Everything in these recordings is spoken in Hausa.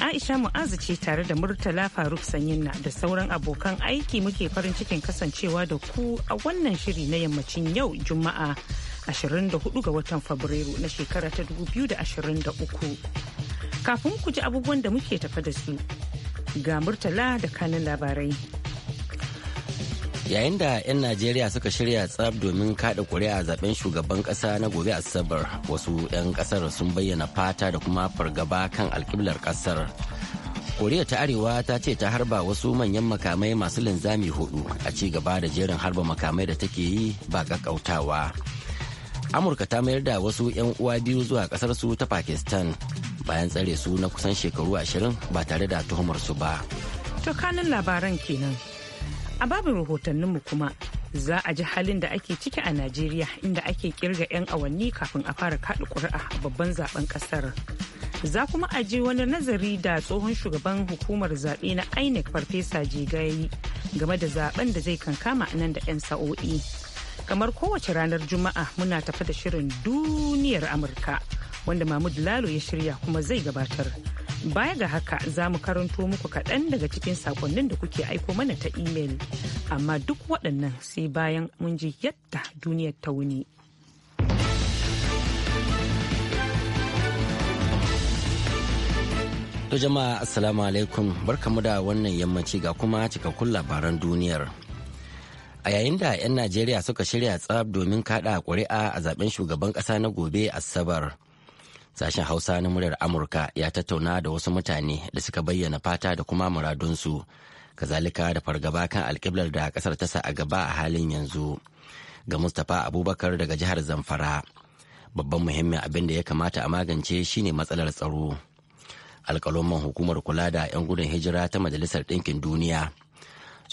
Aisha Mu'azu ce tare da Murtala Faruk Sanyinna da sauran abokan aiki muke farin cikin kasancewa da ku a wannan shiri na yammacin yau Juma'a 24 ga watan Fabrairu na shekara ta 2023. Kafin ku ji abubuwan da muke tafa da su, ga Murtala da kanin labarai. yayin da 'yan najeriya suka shirya tsab domin kada kuri'a zaben shugaban kasa na gobe asabar wasu 'yan kasar sun bayyana fata da kuma fargaba kan alkiblar kasar koriya ta arewa ta ce ta harba wasu manyan makamai masu linzami hudu a ci gaba da jerin harba makamai da take yi ba kakkautawa amurka ta mayar da wasu 'yan uwa biyu zuwa kasar su ta pakistan bayan tsare su na kusan shekaru ashirin ba tare da tuhumar su ba to kanin labaran kenan A babin rahotanninmu kuma za a ji halin da ake ciki a Najeriya inda ake kirga 'yan awanni kafin a fara kaɗa ƙuri'a a babban zaben ƙasar. Za kuma a ji wani nazari da tsohon shugaban hukumar zaɓe na INEC Farfesa Jigayi game da zaben da zai kankama nan da 'yan sa'o'i. Kamar kowace ranar Juma'a muna tafi da shirin duniyar Amurka wanda Mahmud Lalo ya shirya kuma zai gabatar. Baya ga haka za mu karanto muku kaɗan daga cikin sakonnin da kuke aiko mana ta imel. Amma duk waɗannan sai bayan mun ji yadda duniyar ta wuni. To jama'a assalamu alaikum barkamu da wannan yammaci ga kuma cikakkun labaran duniyar. A yayin da 'yan Najeriya suka shirya tsab domin kaɗa ƙuri'a a zaben shugaban ƙasa na gobe Asabar. Sashen Hausa na muryar Amurka ya tattauna da wasu mutane da suka bayyana fata da kuma muradunsu, kazalika da fargaba kan alkiblar da kasar ta sa a gaba a halin yanzu. Ga Mustapha Abubakar daga jihar Zamfara, babban muhimmin abin da ya kamata a magance shine matsalar tsaro. Alkaloman hukumar kula da 'yan gudun hijira ta Majalisar Ɗinkin Duniya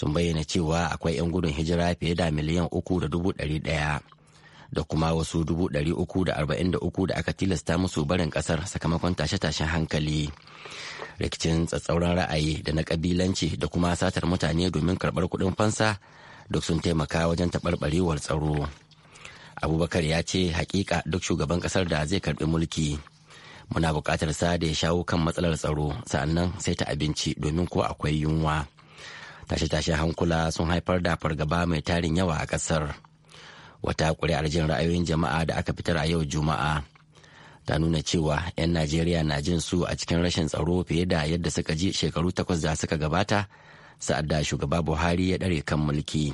sun bayyana cewa akwai 'yan gudun hijira fiye da miliyan uku da dubu ɗari ɗaya. da kuma wasu 343 da aka tilasta musu barin kasar sakamakon tashe-tashen hankali rikicin tsatsauran ra'ayi da na kabilanci da kuma satar mutane domin karɓar kuɗin fansa duk sun taimaka wajen taɓarɓarewar tsaro abubakar ya ce hakika duk shugaban kasar da zai karɓi mulki muna buƙatar sa da ya shawo kan matsalar tsaro sa'annan sai ta abinci domin ko akwai yunwa tashe-tashen hankula sun haifar da fargaba mai tarin yawa a ƙasar. wata ƙuri'ar jin ra'ayoyin jama'a da aka fitar a yau juma'a ta nuna cewa 'yan najeriya na jin su a cikin rashin tsaro fiye da yadda suka ji shekaru takwas da suka gabata sa'ad da shugaba buhari ya ɗare kan mulki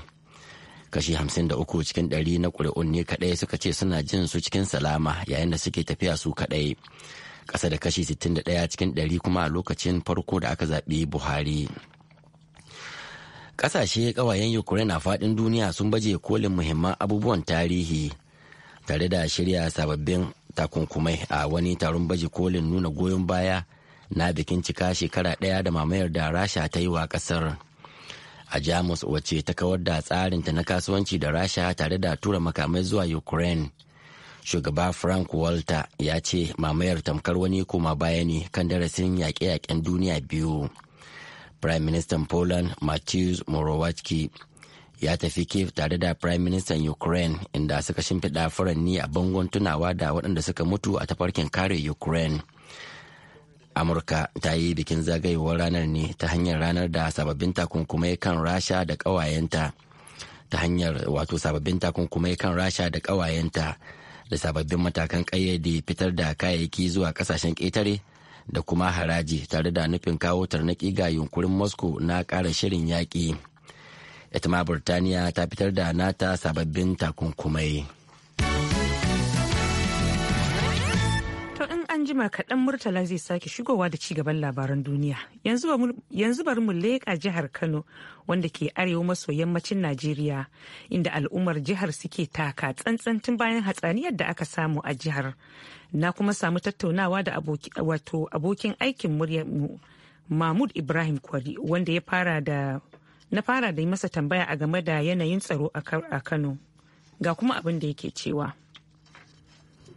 kashi 53 cikin dari na ƙuri'un ne kaɗai suka ce suna jin su cikin salama yayin da suke tafiya su kaɗai ƙasa da kashi 61 cikin ɗari kuma a lokacin farko da aka zaɓi buhari Ƙasashe ƙawayen Ukraine a faɗin duniya sun baje kolin muhimman abubuwan tarihi tare da shirya sababbin takunkumai a wani taron baje kolin nuna goyon baya na bikin cika shekara ɗaya da mamayar da rasha ta yi wa ƙasar a jamus wacce ta kawar da tsarinta na kasuwanci da rasha tare da tura makamai zuwa ukraine shugaba frank walter ya ce mamayar tamkar wani koma baya ne kan darasin yaƙe-yaƙen duniya biyu Prime Minister Poland Mateusz Morawiecki ya tafi Kiev tare da Prime Minister Ukraine inda suka shimfiɗa furanni a bangon tunawa da waɗanda suka mutu a tafarkin kare Ukraine. Amurka ta yi bikin zagayewar ranar ne ta hanyar ranar da sababbin takunkumai kan Rasha da ƙawayenta. Ta hanyar wato sababbin takunkumai kan Rasha da ƙawayenta da sababbin matakan ƙayyade fitar da kayayyaki zuwa ƙasashen ƙetare da kuma haraji tare da nufin kawo tarnaƙi ga yunkurin moscow na ƙara shirin yaƙi ita ma burtaniya ta fitar da nata sababbin takunkumai anjima jima kaɗan murtala zai sake shigowa da ci gaban labaran duniya yanzu bari mu leƙa jihar kano wanda ke arewa maso yammacin najeriya inda al'ummar jihar suke taka tsantsan bayan hatsaniyar da aka samu a jihar na kuma samu tattaunawa da wato abokin aikin muryarmu mahmud ibrahim kwari wanda ya fara da na fara da masa tambaya a game da yanayin tsaro a kano ga kuma abin da yake cewa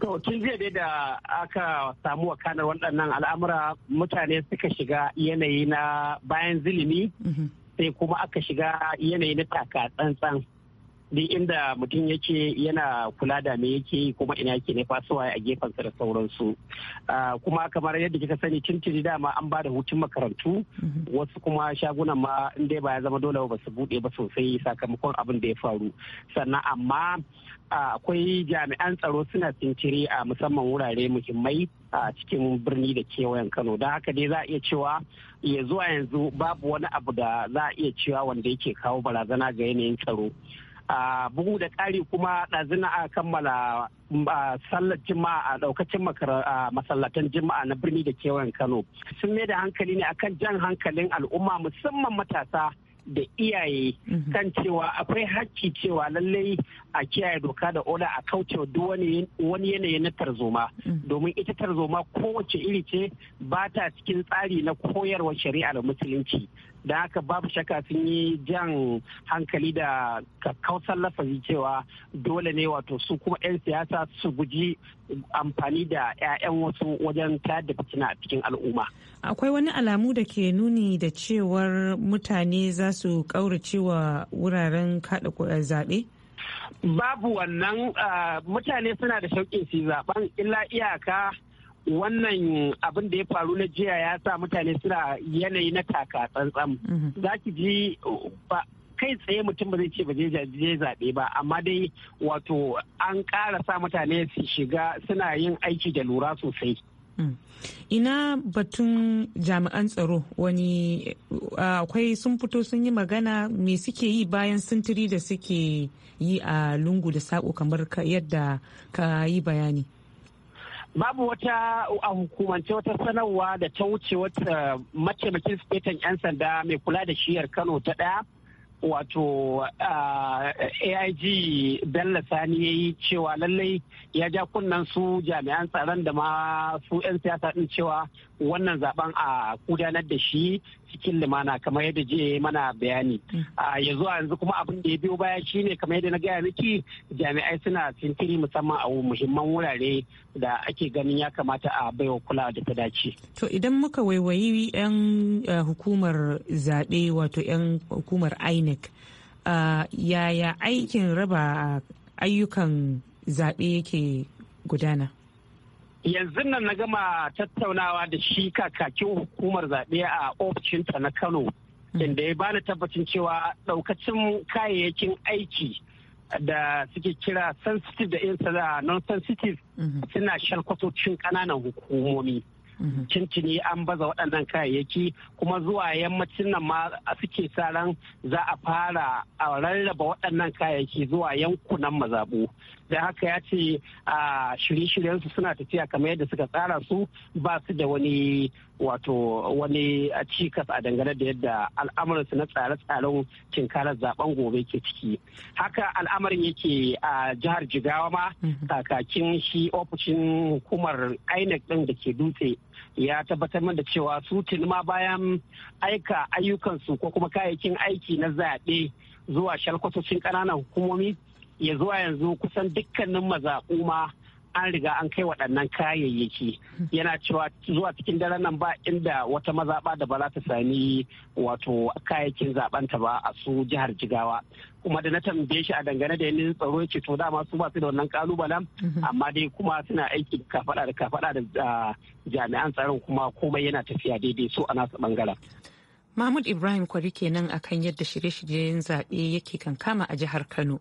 To tun jiya dai da aka samu wakanar waɗannan al'amura mutane suka shiga yanayi na bayan zilimi mhm. sai kuma aka shiga yanayi na taka tsantsan. duk inda mutum yake yana kula da me yake yi kuma ina yake ne fasuwa a gefensa da sauransu kuma kamar yadda kika sani tuntuni dama an ba da hutun makarantu mhm. wasu kuma shagunan ma in dai ba ya zama dole ba su bude ba sosai sakamakon abin da ya faru sannan amma akwai jami'an tsaro suna tsinciri a musamman wurare muhimmai a cikin birni da kewayen kano da haka dai za a iya cewa ya zuwa yanzu babu wani abu da za a iya cewa wanda yake kawo barazana ga yanayin tsaro A bugu da ƙari kuma ɗazina mm, a kammala sallar jima'a a ɗaukacin masallatan jima'a na birni da kewayen kano sun mai da hankali ne akan jan hankalin al'umma musamman matasa da iyaye mhm. kan cewa akwai hakki cewa lallai a kiyaye doka da oda a kauce wa wani yanayi na tarzoma mhm. domin ita tarzoma kowace iri ce ba ta cikin tsari na koyarwar shari'ar musulunci da haka babu shaka sun yi jan hankali da kakkausar lafazi cewa dole ne wato su kuma 'yan siyasa su guji amfani da 'ya'yan wasu wajen tayar da fitina a cikin al'umma. Akwai wani alamu da ke nuni da cewar mutane za su kauracewa wuraren kada eh, zaɓe? Babu wannan ah, mutane suna da shauƙin su zaɓen illa iyaka. wannan abin da ya faru na jiya ya sa mutane suna yanayi na taka tsantsan mhm. za ki ji kai tsaye mutum ba zai ce ba zai zaɓe ba amma dai wato an ƙara sa mutane su shiga suna yin aiki da lura sosai mm. Ina batun jami'an tsaro wani akwai sun fito sun yi magana me suke yi bayan sintiri da suke yi a lungu da sako kamar yadda ka yi bayani. babu wata a hukumance wata sanarwa da ta wuce wata mataimakin fetan 'yan sanda mai kula da shiyar kano ta ɗaya wato aig bello sani ya yi cewa lallai ya ja kunnen su jami'an tsaron da ma su 'yan siyasa din cewa wannan zaben a gudanar da shi cikin limana kamar yadda je mana bayani a yanzu a yanzu kuma abin da ya biyo baya shine kamar yadda na gaya miki jami'ai suna sintiri musamman a muhimman wurare da ake ganin ya kamata a baiwa kula da ta dace to idan muka waiwayi yan eh, hukumar zaɓe wato yan hukumar inec yaya aikin raba ayyukan zaɓe yake gudana yanzu nan na gama tattaunawa da shi kakakin hukumar zaɓe a ofishinta na kano hmm. inda ya bani tabbacin cewa ɗaukacin kayayyakin aiki da suke kira sensitive da insa non-sensitive hmm. suna shalkwatocin ƙananan hukumomi cincini hmm. an baza waɗannan kayayyaki kuma zuwa yammacin nan ma suke tsaron za a fara a rarraba waɗannan kayayyaki zuwa yankunan mazaɓu da haka ya ce a shirye shiryen su suna tafiya kamar yadda suka tsara su ba su da wani wato wani cikas a dangane da yadda su na tsare-tsaren cinkarar zaben gobe ke ciki haka al'amarin yake a jihar jigawa ma mhm. kakakin shi ofishin hukumar inec din da ke dutse ya tabbatar min da cewa su ma bayan aika ayyukansu ko kuma kayayyakin aiki na zaɓe zuwa shalkwatocin ƙananan hukumomi ya zuwa yanzu kusan dukkanin maza kuma an riga an kai waɗannan kayayyaki yana cewa zuwa cikin daren nan ba inda wata mazaɓa da ba za ta sami wato kayayyakin zaɓanta ba a su jihar jigawa kuma da na tambaye shi a dangane da yanayin tsaro ya ce to dama su ba su da wannan kalubalen mhm. amma dai kuma suna aiki kafaɗa da kafaɗa da jami'an tsaron kuma komai yana tafiya daidai su a nasu bangaren. Mahmud Ibrahim Kwari kenan akan yadda shirye-shiryen zaɓe yake kankama a jihar Kano.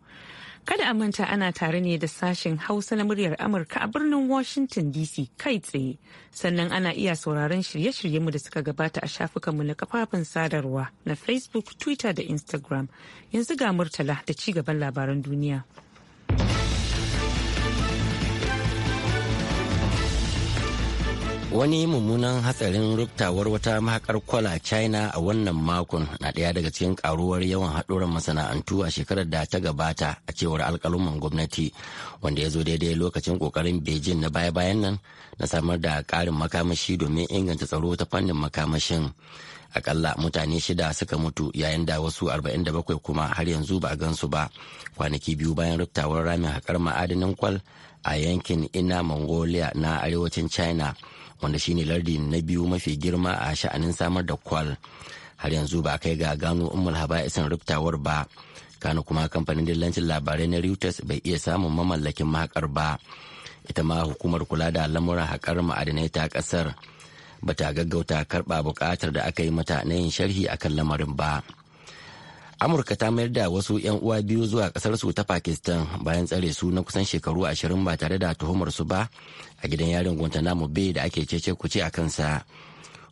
Kada a manta ana tare ne da sashen Hausa na muryar Amurka a birnin Washington DC kai tsaye. Sannan ana iya sauraron shirye-shiryenmu da suka gabata a shafukanmu na kafafen sadarwa na Facebook, Twitter da Instagram. Yanzu ga Murtala da ci gaban labaran duniya. wani mummunan hatsarin ruftawar wata mahakar kwala china a wannan makon na ɗaya daga cikin karuwar yawan haɗuran masana'antu a shekarar da ta gabata a cewar alkaluman gwamnati wanda ya zo daidai lokacin kokarin beijing na baya-bayan nan na samar da karin makamashi domin inganta tsaro ta fannin makamashin akalla mutane shida suka mutu yayin da wasu 47 kuma har yanzu ba a gansu ba kwanaki biyu bayan ruftawar ramin haƙar ma'adinin kwal a yankin ina mongolia na arewacin china wanda shine lardi na biyu mafi girma a sha'anin samar da kwal har yanzu ba kai ga gano ummul isan riftawar ba kano kuma kamfanin dillancin labarai na reuters bai iya samun mamallakin mahakar ba ita ma hukumar kula da lamuran haƙar ma'adinai ta ƙasar bata gaggauta karɓa buƙatar da aka yi mata na yin sharhi akan lamarin ba. amurka ta mayar da wasu 'yan uwa biyu zuwa kasar su ta pakistan bayan tsare su na kusan shekaru ashirin ba tare da tuhumar su ba a gidan yarin guantanamo bay da ake cece kuce a kansa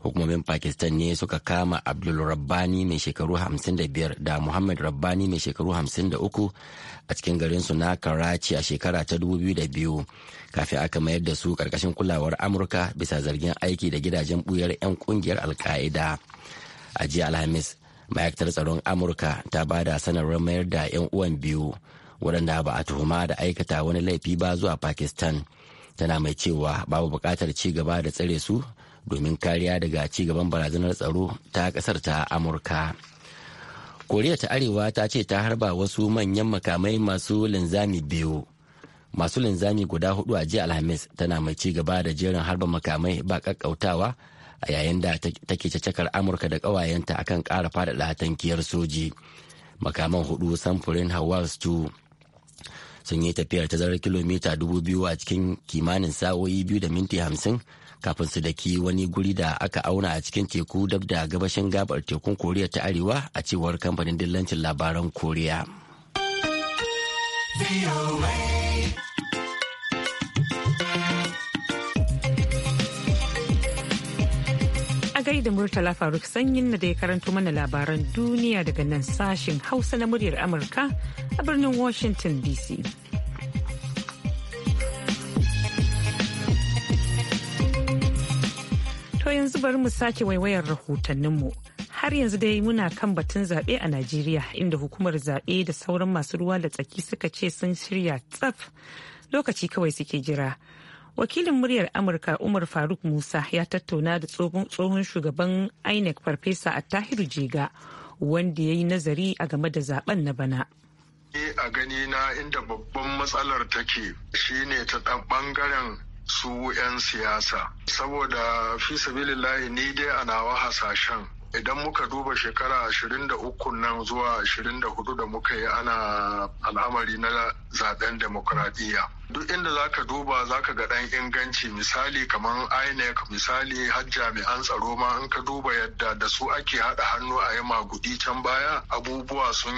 hukumomin pakistan ne suka kama abdul rabbani mai shekaru 55 da muhammad rabbani mai shekaru 53 a cikin garin su na karachi a shekara ta 2002 kafin aka mayar da su karkashin kulawar amurka bisa zargin aiki da gidajen buyar 'yan kungiyar alka'ida a jiya alhamis ma'aikatar tsaron amurka ta ba da sanarwar mayar da 'yan uwan biyu waɗanda ba a tuhuma da aikata wani laifi ba zuwa pakistan tana mai cewa babu buƙatar ci gaba da tsare su domin kariya daga ci gaban barazanar tsaro ta ƙasar ta amurka koriya ta arewa ta ce ta harba wasu manyan makamai masu linzami biyu masu linzami guda hudu a jiya alhamis tana mai ci gaba da jerin harba makamai ba ƙaƙƙautawa a yayin da take cakar amurka da ƙawayenta kan ƙara fada tankiyar soji makaman hudu samfurin hawaii 2 sun yi tafiyar ta zarar kilomita 2000 a cikin kimanin sa'o'i biyu da minti hamsin kafin su daki wani guri da aka auna a cikin teku dab da gabashin gabar tekun koriya ta arewa a cewar kamfanin dillancin labaran koriya. sai da Murtala Faruk Sanyin na da ya karanto mana labaran duniya daga nan sashen Hausa na muryar Amurka a birnin Washington DC. To yanzu bari mu sake waiwayar rahotanninmu. Har yanzu dai muna kan batun zaɓe a Najeriya inda hukumar zaɓe da sauran masu ruwa da tsaki suka ce sun shirya tsaf lokaci kawai suke jira wakilin muryar amurka umar faruk musa ya tattauna da tsohon shugaban inec farfesa a tahiru jega wanda ya yi nazari a game da zaben na bana a gani na inda babban matsalar take ne ta ɗan ɓangaren su 'yan siyasa saboda fi sabilillahi ni dai ana nawa hasashen idan muka duba shekara 23 nan zuwa 24 da muka yi ana al'amari na zaɓen demokradiyya duk inda za ka duba za ka ga ɗan inganci misali kamar inec misali har jami'an tsaro ma in ka duba yadda da su ake haɗa hannu a yi magudi can baya abubuwa sun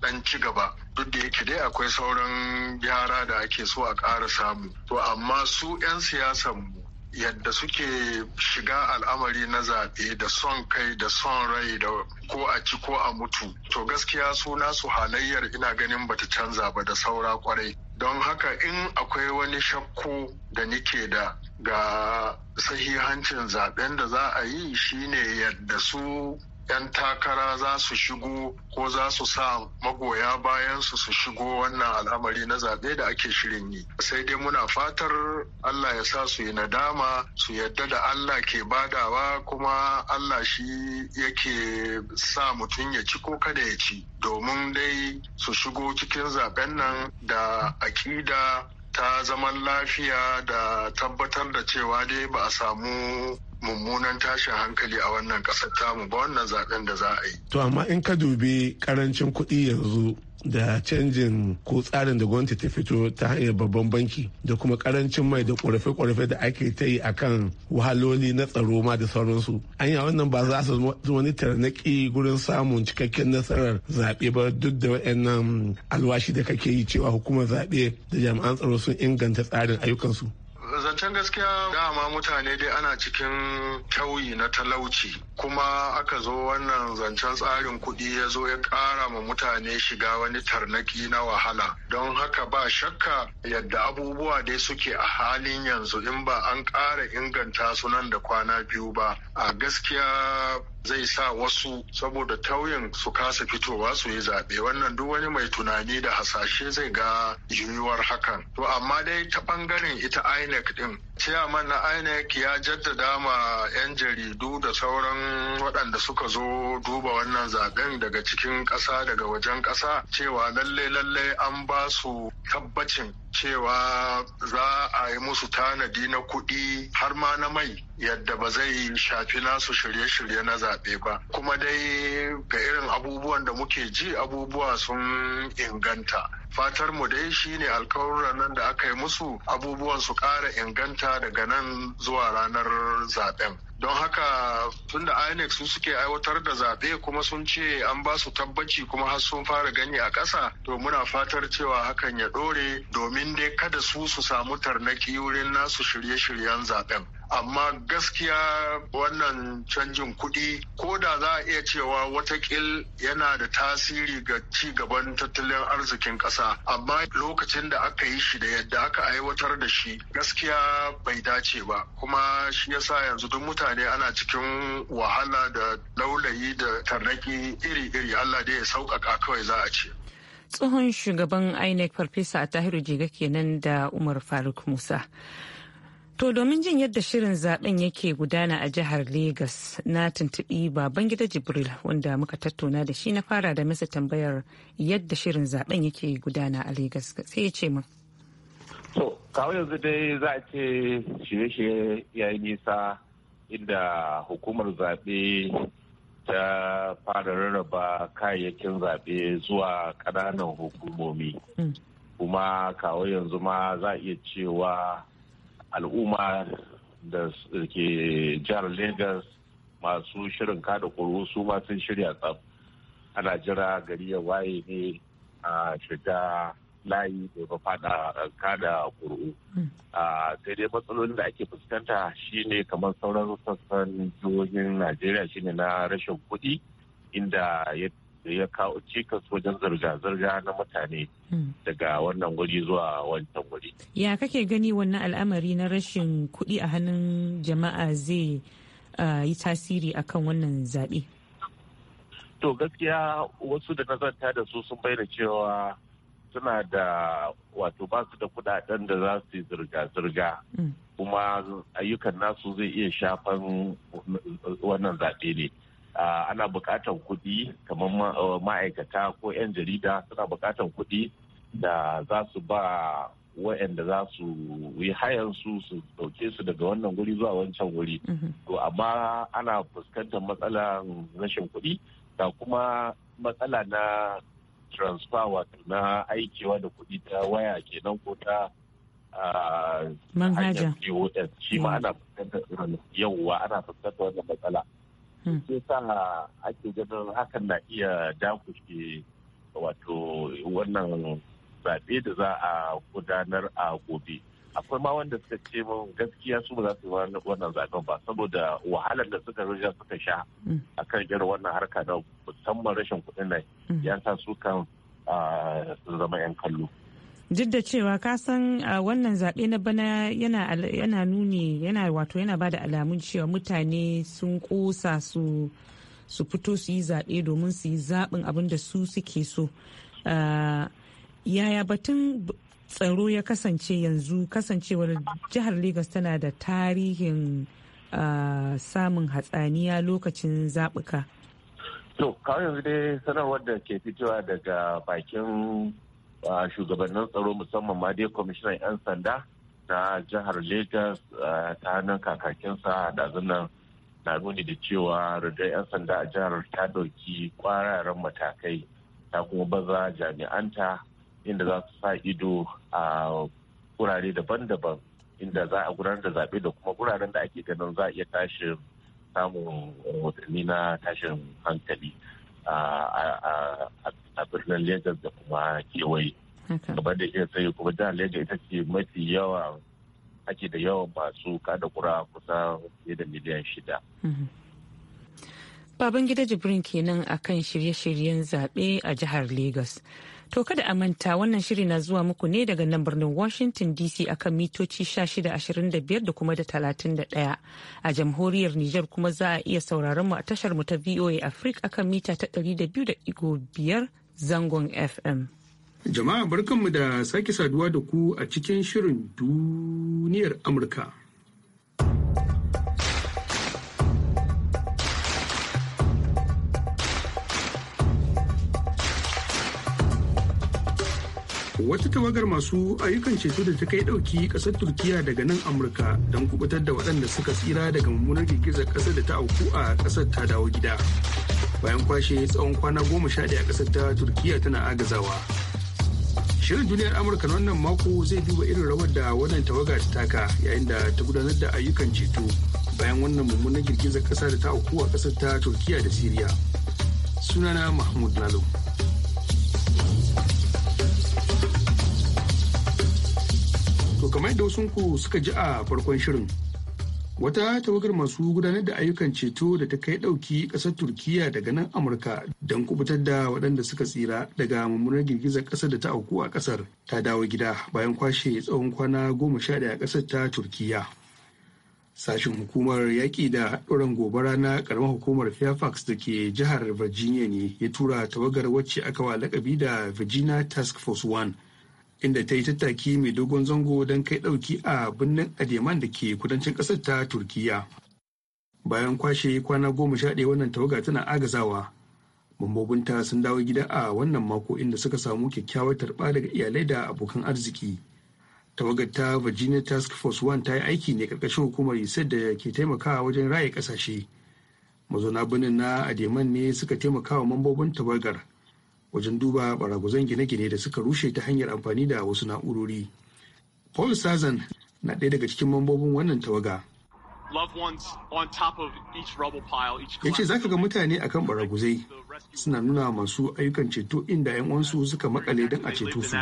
ɗan ci gaba duk da yake dai akwai sauran gyara da ake so a ƙara samu to amma su 'yan siyasar mu yadda suke shiga al'amari na zaɓe da son kai da son rai da ko a ci ko a mutu to gaskiya suna su halayyar ina ganin bata canza ba da saura kwarai don haka in akwai wani shakku da nike da ga sahihancin zaɓen da za a yi shine yadda su 'yan takara za su shigo ko za su sa magoya bayan su su shigo wannan al'amari na zaɓe da ake shirin yi sai dai muna fatar allah ya sa su yi nadama su yadda da allah ke badawa kuma allah shi yake sa mutum ya ci ko kada ya ci domin dai su shigo cikin zaɓen nan da aƙida ta zaman lafiya da tabbatar da cewa dai ba a samu mummunan tashin hankali a wannan kasar tamu ba wannan zaɓen da za a yi. To amma in ka dubi karancin kuɗi yanzu da canjin ko tsarin da gwamnati ta fito ta hanyar babban banki da kuma karancin mai da kwarafe-kwarafe da ake ta yi a kan wahaloli na tsaro ma da sauransu anya wannan ba za su wani tarnaki gurin samun cikakken nasarar zaɓe ba duk da waɗannan alwashi da kake yi cewa hukumar zaɓe da jami'an tsaro sun inganta tsarin ayyukansu zancen gaskiya dama mutane dai ana cikin tauyi na talauci kuma aka zo wannan zancen tsarin kuɗi ya zo ya ƙara ma mutane shiga wani tarnaki na wahala don haka ba shakka yadda abubuwa dai suke a halin yanzu in ba an ƙara inganta su nan da kwana biyu ba a gaskiya zai sa wasu saboda tauyin su kasa fitowa su yi zaɓe wannan duk wani mai tunani da hasashe zai ga yiwuwar hakan to amma dai ta ɓangaren ita inec din ciyaman na inec ya jaddada ma 'yan jaridu da sauran waɗanda suka zo duba wannan zaben daga cikin ƙasa daga wajen ƙasa cewa lalle-lalle an ba su tabbacin cewa za a yi musu tanadi na kuɗi har ma na mai yadda ba zai shafi nasu shirye-shirye na zaɓe ba kuma dai ga irin abubuwan da muke ji abubuwa sun inganta fatar mu dai shine alkawuran nan da aka yi musu abubuwan su ƙara inganta daga nan zuwa ranar zaben don haka tun da inec su suke aiwatar da zaɓe kuma sun ce an ba su tabbaci kuma har sun fara gani a ƙasa to muna fatar cewa hakan ya ɗore domin dai kada su su samu tarnaki wurin nasu shirye-shiryen zaɓen amma gaskiya wannan canjin kuɗi ko da za a iya cewa watakil yana da tasiri ga ci gaban tattalin arzikin ƙasa amma lokacin da aka yi shi da yadda aka aiwatar da shi gaskiya bai dace ba kuma shi yasa yanzu duk mutane mutane ana cikin wahala da laulayi da tarnaki iri-iri Allah dai ya sauƙaƙa kawai za a ce. Tsohon shugaban INEC Farfesa a Tahiru Jiga kenan da Umar Faruk Musa. To domin jin yadda shirin zaben yake gudana a jihar Legas na tuntuɓi baban gida Jibril wanda muka tattauna da shi na fara da masa tambayar yadda shirin zaben yake gudana a Legas sai ya ce min. To, kawo yanzu dai za a ce shirye-shirye ya nisa inda hukumar zaɓe ta fara rarraba kayayyakin zaɓe zuwa ƙananan hukumomi hmm. kuma kawo yanzu ma za iya cewa al'umma da ke jihar lagos masu shirin kada kuru su ma sun shirya tsab ana jira gari ya waye ne a shiga layi da ba fada kada kuri'u hmm. sai dai matsalolin da ake fuskanta shine kamar sauran sassan jihohin najeriya shine na rashin kuɗi inda ya kawo cikas wajen zarga zirga na mutane hmm. daga wannan wuri zuwa wancan wuri ya kake gani wannan al'amari na rashin kuɗi a hannun jama'a zai yi tasiri akan wannan zaɓe to gaskiya wasu da nazarta da su sun bayyana cewa suna da wato ba su da kudaden da za su yi zirga-zirga mm. kuma ayyukan nasu zai iya shafan wannan zaɓe ne ana buƙatar kuɗi kamar eh, ma'aikata ko 'yan jarida suna buƙatar kuɗi da za su ba waɗanda za su yi hayan su su ɗauke su daga wannan guri zuwa wancan wuri mm-hmm. to amma ana fuskantar matsalar rashin kuɗi da kuma matsala na transfer wato na aikewa da kuɗi ta waya kenan ko ta manhaja POS shi ma ana fuskantar yauwa ana fuskantar wannan matsala. Hmm. Sai sa ake ganin hakan na iya dakushe wato wannan zaɓe da za a gudanar a gobe. akwai ma wanda suka ce min gaskiya su ba za su yi wannan zaben ba saboda wahalar da suka rija suka sha mm. a kan irin wannan harka da musamman rashin kuɗin nan mm. ya sa su kan zama 'yan kallo. duk da cewa ka san wannan zaɓe na bana yana nuni yana wato yana ba da alamun cewa mutane sun ƙosa su su fito su yi zaɓe domin su yi zaɓin abin da su suke so yaya batun tsaro ya kasance yanzu kasancewar jihar Legas tana da tarihin ah, samun hatsaniya lokacin zaɓuka. To, kawai yanzu dai sanarwar da ke fitowa daga bakin ah, shugabannin tsaro musamman ma dai kwamishinan 'yan sanda na jihar Legas ah, ta hannun kakakinsa da nan na nuni da cewa rundar 'yan sanda a jihar ta ɗauki kwararren matakai ta kuma baza jami'anta inda za su sa ido a wurare daban-daban inda za a gudanar da zaɓe da kuma wuraren da ake ganin za a iya tashin samun watanni na tashin hankali a birnin Legas da kuma kewaye. Gaba da iya sai kuma jihar Legas ita ce mafi yawa ake da yawan masu kada kura kusa fiye da miliyan shida. Mhm. Baban gida Jibrin kenan akan shirye-shiryen zaɓe a jihar Legas. To kada a manta wannan shiri na zuwa muku ne daga nan birnin Washington DC akan mitoci 1625 da kuma da 31. A jamhuriyar Nijar kuma za a iya sauraron mu a tashar mu ta VOA Africa akan mita ta 200.5 zangon FM. Jama'a barkanmu da sake saduwa da ku a cikin shirin duniyar Amurka. wata tawagar masu ayyukan ceto da ta kai dauki kasar turkiya daga nan amurka don kubutar da waɗanda suka tsira daga mummunar girgizar kasar da ta auku a kasar ta dawo gida bayan kwashe tsawon kwana goma sha ɗaya kasar ta turkiya tana agazawa shirin duniyar amurka na wannan mako zai duba irin rawar da wannan tawaga ta taka yayin da ta gudanar da ayyukan ceto bayan wannan mummunar girgizar kasa da ta auku a kasar ta turkiya da siriya sunana mahmud lalo kamar yadda wasu ku suka ji a farkon shirin. Wata tawagar masu gudanar da ayyukan ceto da ta kai dauki ƙasar turkiya daga nan Amurka don kubutar da waɗanda suka tsira daga mummunar girgizar ƙasar da ta auku a ƙasar ta dawo gida bayan kwashe tsawon kwana goma sha ɗaya ƙasar ta turkiya. Sashen hukumar yaƙi da haɗuran gobara na ƙaramar hukumar Fairfax da ke jihar Virginia ne ya tura tawagar wacce aka wa lakabi da Virginia Task Force One inda ta yi tattaki mai dogon zango don kai ɗauki a birnin ademan da ke kudancin ƙasar ta turkiya bayan kwashe kwana goma sha ɗaya wannan tawaga tana agazawa mambobinta sun dawo gida a wannan mako inda suka samu kyakkyawar tarba daga iyalai da abokan arziki tawagar ta virginia task force one ta yi aiki ne ƙarƙashin hukumar isar da ke taimakawa wajen raye ƙasashe mazauna birnin na ademan ne suka taimakawa mambobin tawagar wajen duba baraguzan gine-gine da suka rushe ta hanyar amfani da wasu na'urori. Paul Sazan na ɗaya daga cikin mambobin wannan tawaga. Ya ce za ka ga mutane a kan baraguzai suna nuna masu ayyukan ceto inda 'yan uwansu suka makale don a ceto su.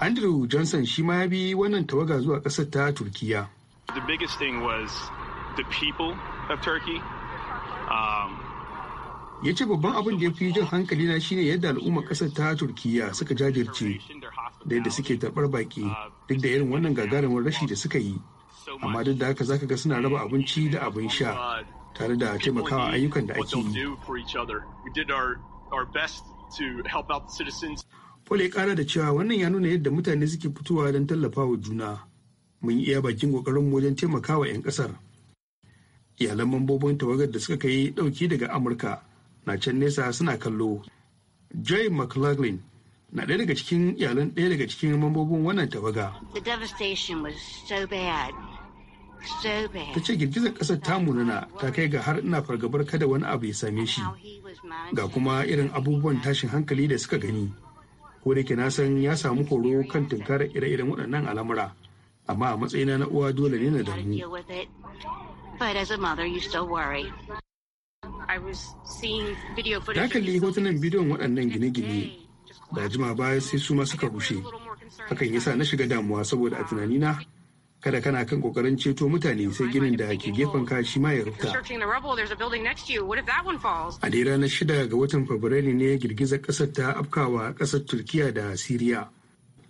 Andrew Johnson shi ma ya bi wannan tawaga zuwa ƙasar ta Turkiya. The biggest thing the people of Turkey. Um, ya ce babban abin da ya fi jin hankali na shine yadda al'umma kasar ta turkiya suka jajirce da yadda suke tabar baki duk da irin wannan gagarumin rashi da suka yi amma duk da haka zaka ga suna raba abinci da abin sha tare da taimakawa ayyukan da ake yi Paul ya kara da cewa wannan ya nuna yadda mutane suke fitowa don tallafawa juna mun iya bakin kokarin wajen taimakawa 'yan kasar iyalan mambobin tawagar da suka kai dauki daga amurka na can nesa suna kallo joy mclaughlin na ɗaya daga cikin iyalan ɗaya daga cikin mambobin wannan tawaga ta ce girgizar ƙasar ta munana ta kai ga har ina fargabar kada wani abu ya same shi ga kuma irin abubuwan tashin hankali da suka gani ko da ke san ya samu horo kan tunkarar ire-iren waɗannan al'amura amma a matsayina na uwa dole ne na damu Ta kalli hotunan bidiyon waɗannan gine-gine da jima baya sai su ma suka rushe. Hakan yasa na shiga damuwa saboda a tunanina kada kana kan kokarin ceto mutane sai ginin da ke gefen ka shi ma ya rufta. A dai ranar shida ga watan Fabrairu ne girgizar ƙasar ta afkawa ƙasar Turkiya da Siriya.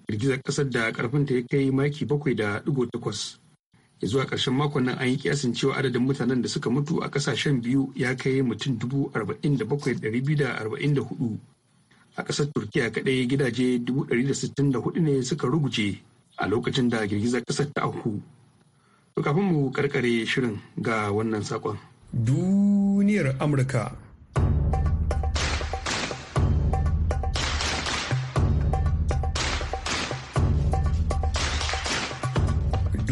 Girgizar ƙasar da ƙarfinta ya kai maki bakwai da ɗigo takwas. zuwa ƙarshen makon nan an yi kiyasin cewa adadin mutanen da suka mutu a ƙasashen biyu ya kai mutum dubu arba'in da bakwai ɗari biyu da arba'in da hudu a ƙasar turkiya kaɗai gidaje dubu ɗari da sittin da hudu ne suka ruguje a lokacin da girgizar ƙasar ta auku to kafin mu karkare shirin ga wannan saƙon duniyar amurka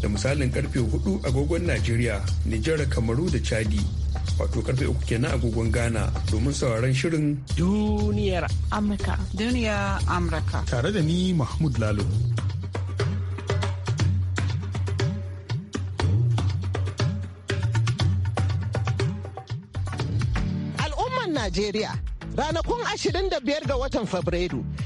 da misalin karfe 4 agogon Najeriya, Nijar, Kamaru da Chadi. Wato karfe uku kenan agogon Ghana domin sauraron shirin Duniyar Amurka. Duniyar Amurka. Tare da ni Mahmud Lalo. al'ummar Najeriya ranakun 25 ga watan Fabrairu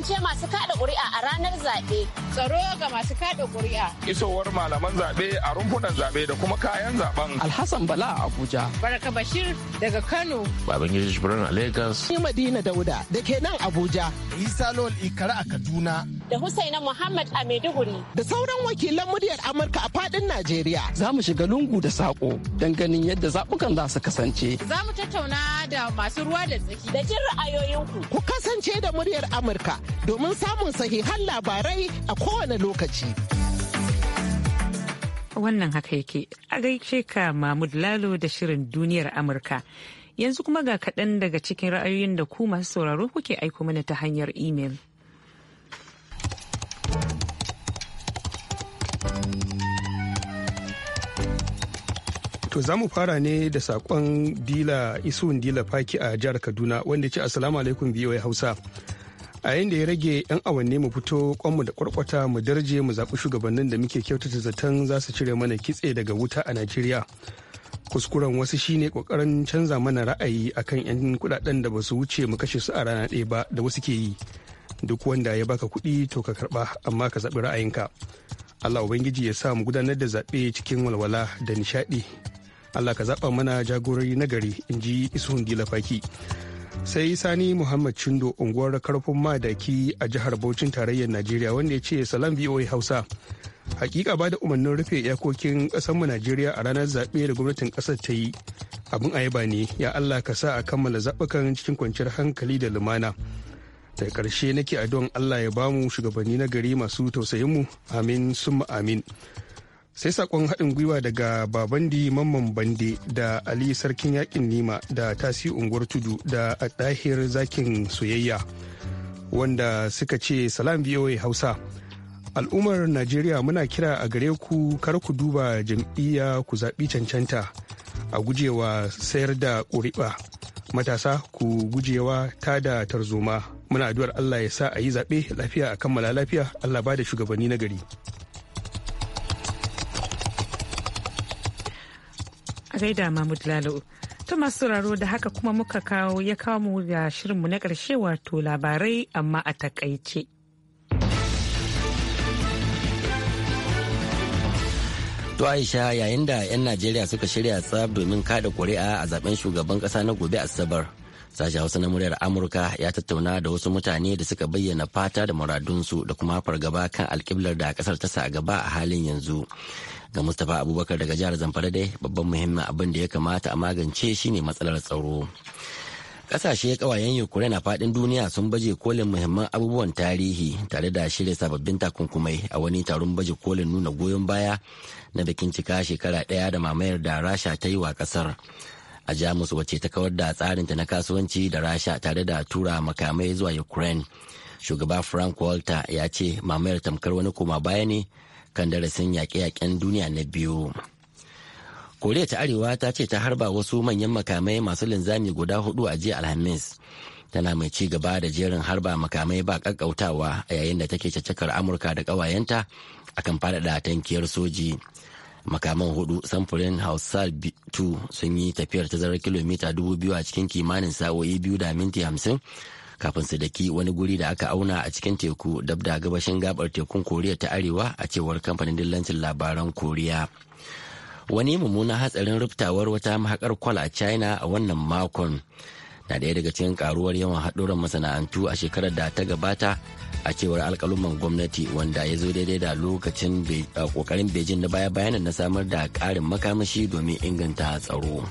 kasance masu kada ƙuri'a a ranar zaɓe. Tsaro ga masu kada ƙuri'a. Isowar malaman zaɓe a rumfunan zaɓe da kuma kayan zaɓen. Alhassan Bala a Abuja. Baraka Bashir daga Kano. Babangiji Shibirin a Lagos. Ni Madina Dauda da ke nan Abuja. Isa Lol Ikara a Kaduna. da Husaina Muhammad a Maiduguri. Da sauran wakilan muryar Amurka a fadin Najeriya. Za mu shiga lungu da saƙo don ganin yadda zaɓukan za su kasance. Za mu tattauna da masu ruwa da tsaki. Da jin ra'ayoyinku. Ku kasance da muryar Amurka domin samun sahihan labarai a kowane lokaci. Wannan haka yake a gaishe ka Mahmud Lalo da shirin duniyar Amurka. Yanzu kuma ga kaɗan daga cikin ra'ayoyin da ku masu sauraro kuke aiko mana ta hanyar imel. To za mu fara ne da sakon dila isun dila faki a jihar Kaduna wanda ce assalamu alaikum biyo Hausa. A yayin da ya rage 'yan awanni mu fito kwanmu da kwarkwata mu darje mu zaɓi shugabannin da muke kyautata zaton za su cire mana kitse daga wuta a Najeriya. Kuskuren wasu shine kokarin canza mana ra'ayi akan 'yan kuɗaɗen da ba su wuce mu kashe su a rana ɗaya ba da wasu ke yi. Duk wanda ya baka kuɗi to ka karɓa amma ka zaɓi ra'ayinka. Allah Ubangiji ya sa mu gudanar da zaɓe cikin walwala da nishaɗi Allah ka zaɓa mana jagorori nagari gari in ji Isuhun Gilafaki. Sai Sani Muhammad Chindo unguwar karfin madaki a jihar Bauchin tarayyar Najeriya wanda ya ce salam VOA Hausa. Hakika ba da umarnin rufe iyakokin mu Najeriya a ranar zaɓe da gwamnatin ƙasar ta yi. Abin ayaba ne, ya Allah ka sa a kammala zaɓukan cikin kwanciyar hankali da lumana. da ƙarshe nake addu'an Allah ya bamu shugabanni na gari masu tausayinmu amin summa amin. sai sakon haɗin gwiwa daga babandi mamman bande da ali sarkin yakin nima da tasi unguwar tudu da ɗahir zakin soyayya wanda suka ce salam voa hausa al'ummar najeriya muna kira a gare ku kar ku duba jam'iyya ku zaɓi cancanta a gujewa sayar da ƙuri'a matasa ku gujewa tada tarzoma muna addu'ar allah ya sa a yi zaɓe lafiya a kammala lafiya allah ba da shugabanni na gari gaida Mahmud Lalo. To masu sauraro da haka kuma muka kawo ya kawo mu da shirinmu na ƙarshe wato labarai amma a takaice. To Aisha yayin da 'yan Najeriya suka shirya tsab domin kada kuri'a a zaben shugaban kasa na gobe Asabar. Sashen Hausa na muryar Amurka ya tattauna da wasu mutane da suka bayyana fata da muradunsu da kuma fargaba kan alkiblar da kasar ta sa gaba a halin yanzu. Ga Mustapha Abubakar daga jihar Zamfara dai babban muhimmin abin da ya kamata a magance shine matsalar tsaro. Kasashe kawayen Ukraine a faɗin duniya sun baje kolin muhimman abubuwan tarihi tare da shirya sababbin takunkumai a wani taron baje kolin nuna goyon baya na bikin cika shekara ɗaya da mamayar da Rasha ta yi wa ƙasar. a jamus wacce ta kawar da tsarinta na kasuwanci da rasha tare da tura makamai zuwa ukraine shugaba frank walter ya ce mamayar tamkar wani koma baya ne kan darasin yaƙe-yaƙen duniya na biyu koriya ta arewa ta ce ta harba wasu manyan makamai masu linzami guda hudu a jiya alhamis tana mai ci gaba da jerin harba makamai ba ƙaƙƙautawa a yayin da take cacakar amurka da ƙawayenta akan faɗaɗa tankiyar soji makaman hudu samfurin hausal 2 sun yi tafiyar ta zarar kilomita 2000 a cikin kimanin sa'o'i biyu da minti hamsin kafin su daki wani guri da aka auna a cikin teku dab da gabashin gabar tekun koriya ta arewa a cewar kamfanin dillancin labaran koriya wani mummunan hatsarin ruftawar wata mahakar kwal a china a wannan makon na daya daga cikin karuwar yawan haɗuran masana'antu a shekarar da ta gabata a cewar alkaluman gwamnati wanda ya zo daidai da lokacin kokarin beijing na baya-bayanan na samar da ƙarin makamashi domin inganta tsaro.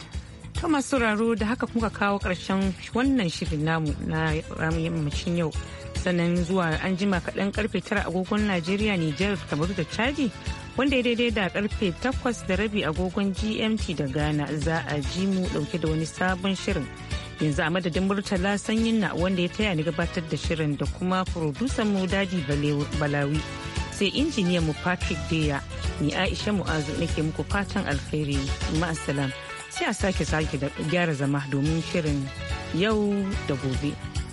ta masu sauraro da haka kuka kawo ƙarshen wannan shirin namu na yammacin yau sannan zuwa an jima kaɗan karfe tara agogon najeriya nijar kamaru da chadi wanda ya daidai da karfe takwas da rabi agogon gmt da ghana za a ji mu ɗauke da wani sabon shirin yanzu a madadin murtala sanyin na wanda ya taya ni gabatar da shirin da kuma furodusan mu dadi balawi sai injiniyan mu patrick deya ni aisha mu'azu nake muku fatan alheri ma'asalam. sai a sake sake gyara zama domin shirin yau da gobe.